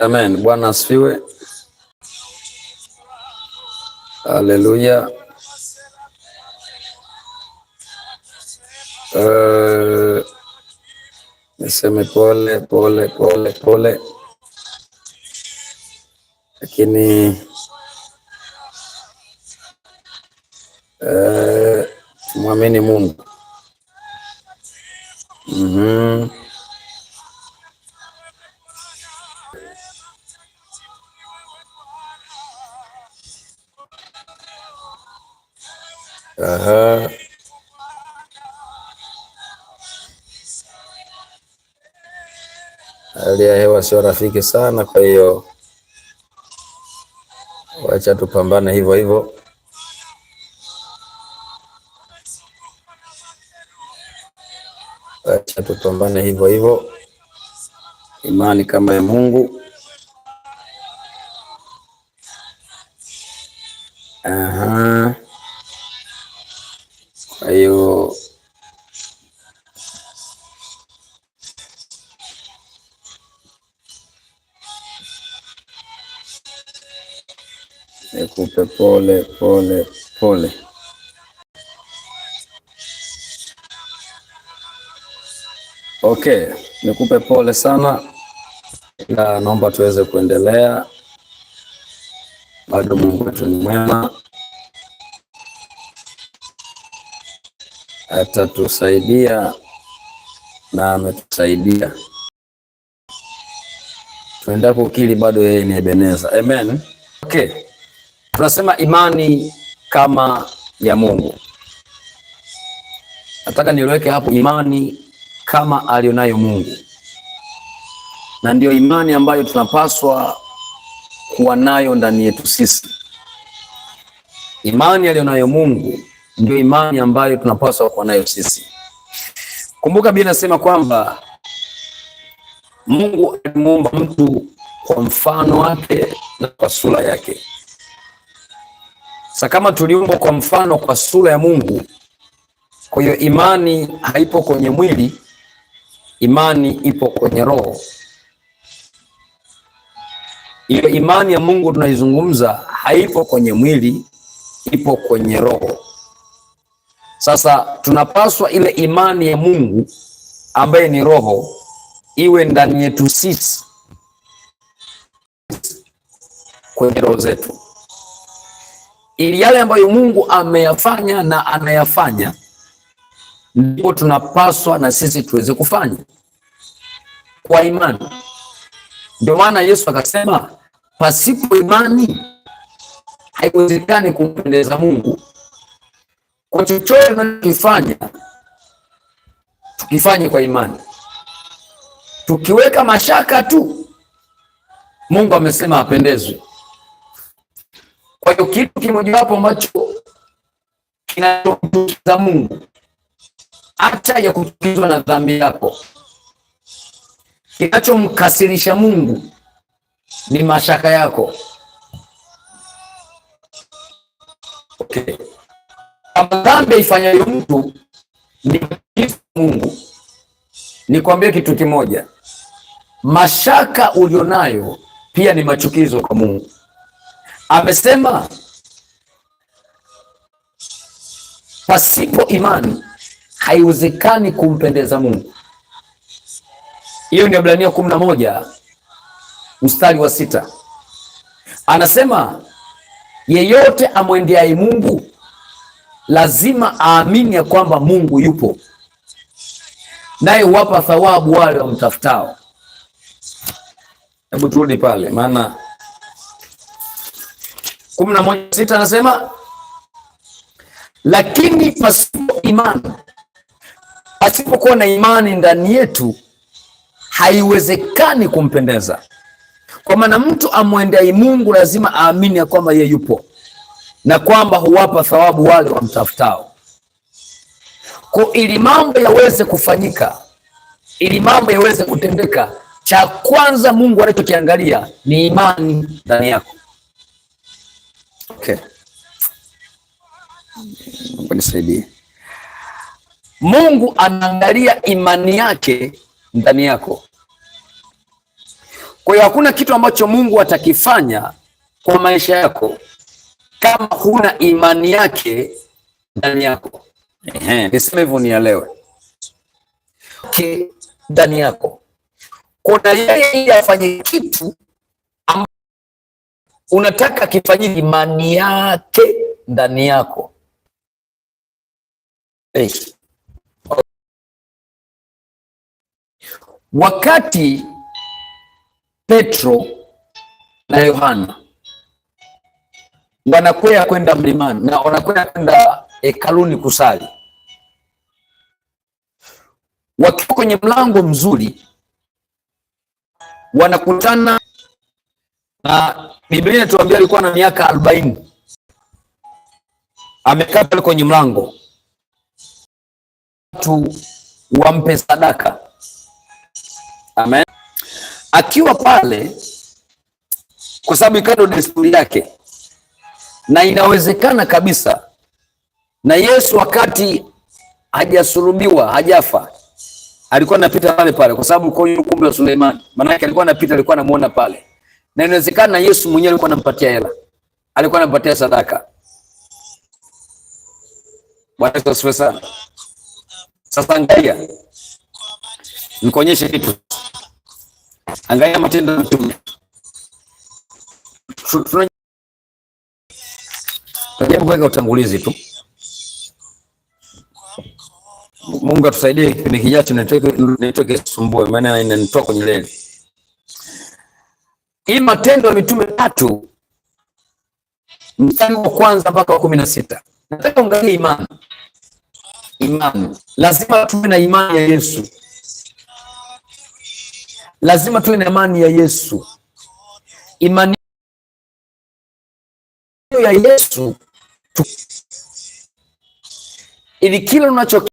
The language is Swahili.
Amen. Bwana asifiwe. Haleluya. Uh, niseme pole pole pole pole, lakini uh, tumwamini Mungu. mm -hmm. hali ya hewa sio rafiki sana, kwa hiyo wacha tupambane hivyo hivyo. Wacha tupambane hivyo hivyo, imani kama ya Mungu. Aha. nikupe pole pole pole. Okay, nikupe pole sana, ila naomba tuweze kuendelea. Bado Mungu wetu ni mwema, atatusaidia na ametusaidia tuendapo kili, bado yeye ni Ebeneza. Amen. Okay. Tunasema imani kama ya Mungu. Nataka niweke hapo imani kama alionayo Mungu, na ndiyo imani ambayo tunapaswa kuwa nayo ndani yetu sisi. Imani alionayo Mungu ndio imani ambayo tunapaswa kuwa nayo sisi. Kumbuka Biblia inasema kwamba Mungu alimuumba mtu kwa mfano wake na kwa sura yake. Sasa kama tuliumbwa kwa mfano, kwa sura ya Mungu, kwa hiyo imani haipo kwenye mwili, imani ipo kwenye roho. Hiyo imani ya Mungu tunaizungumza haipo kwenye mwili, ipo kwenye roho. Sasa tunapaswa ile imani ya Mungu ambaye ni roho iwe ndani yetu sisi, kwenye roho zetu ili yale ambayo Mungu ameyafanya na anayafanya, ndipo tunapaswa na sisi tuweze kufanya kwa imani. Ndio maana Yesu akasema, pasipo imani haiwezekani kumpendeza Mungu. Kwa chochote tunachokifanya tukifanye kwa imani. Tukiweka mashaka tu, Mungu amesema apendezwe. Kwa hiyo kitu kimojawapo ambacho kinachomchukiza Mungu, acha ya kuchukizwa na dhambi yako. Kinachomkasirisha Mungu ni mashaka yako. Okay. Kama dhambi aifanyayo mtu ni Mungu, nikwambie kitu kimoja, mashaka ulionayo pia ni machukizo kwa Mungu amesema pasipo imani haiwezekani kumpendeza Mungu. Hiyo ni Ibrania kumi na moja mstari wa sita anasema yeyote amwendeaye Mungu lazima aamini ya kwamba Mungu yupo naye huwapa thawabu wale wamtafutao. Hebu turudi pale, maana kumi na moja sita anasema lakini pasipo imani, pasipokuwa na imani ndani yetu haiwezekani kumpendeza. Kwa maana mtu amwendai Mungu lazima aamini ya kwamba yeye yupo na kwamba huwapa thawabu wale wamtafutao. Kwa ili mambo yaweze kufanyika, ili mambo yaweze kutendeka, cha kwanza Mungu anachokiangalia ni imani ndani yako. Okay. Mungu nisaidie. Mungu anaangalia imani yake ndani yako. Kwa hiyo hakuna kitu ambacho Mungu atakifanya kwa maisha yako kama huna imani yake ndani yako. Ehe, niseme hivyo nielewe. Okay, ndani yako kuna yeye ili afanye kitu unataka kifanyike imani yake ndani yako hey. Wakati Petro na Yohana wanakwea kwenda mlimani na wanakwea kwenda hekaluni kusali, wakiwa kwenye mlango mzuri wanakutana na ah, Biblia inatuambia alikuwa na miaka arobaini amekaa pale kwenye mlango, watu wampe sadaka. Amen. Akiwa pale, kwa sababu ikando desturi yake, na inawezekana kabisa na Yesu wakati hajasulubiwa hajafa alikuwa anapita pale pale, kwa sababu uko kwenye ukumbi wa Suleimani, maanake alikuwa anapita, alikuwa anamuona pale na inawezekana Yesu mwenyewe alikuwa anampatia hela, alikuwa anampatia sadaka. Bwana asifiwe sana. Sasa angalia, nikuonyeshe kitu. Angalia matendo ya Mtume, tunajaribu kuweka utangulizi tu. Mungu atusaidie kipindi kijacho, nitoke nitoke, sumbue maana inanitoa kwenye leli hii Matendo ya Mitume tatu mstari wa kwanza mpaka wa kumi na sita nataka ungalie imani. Imani lazima tuwe na imani ya Yesu, lazima tuwe na imani ya Yesu. Imani ya Yesu tu, ili kila unacho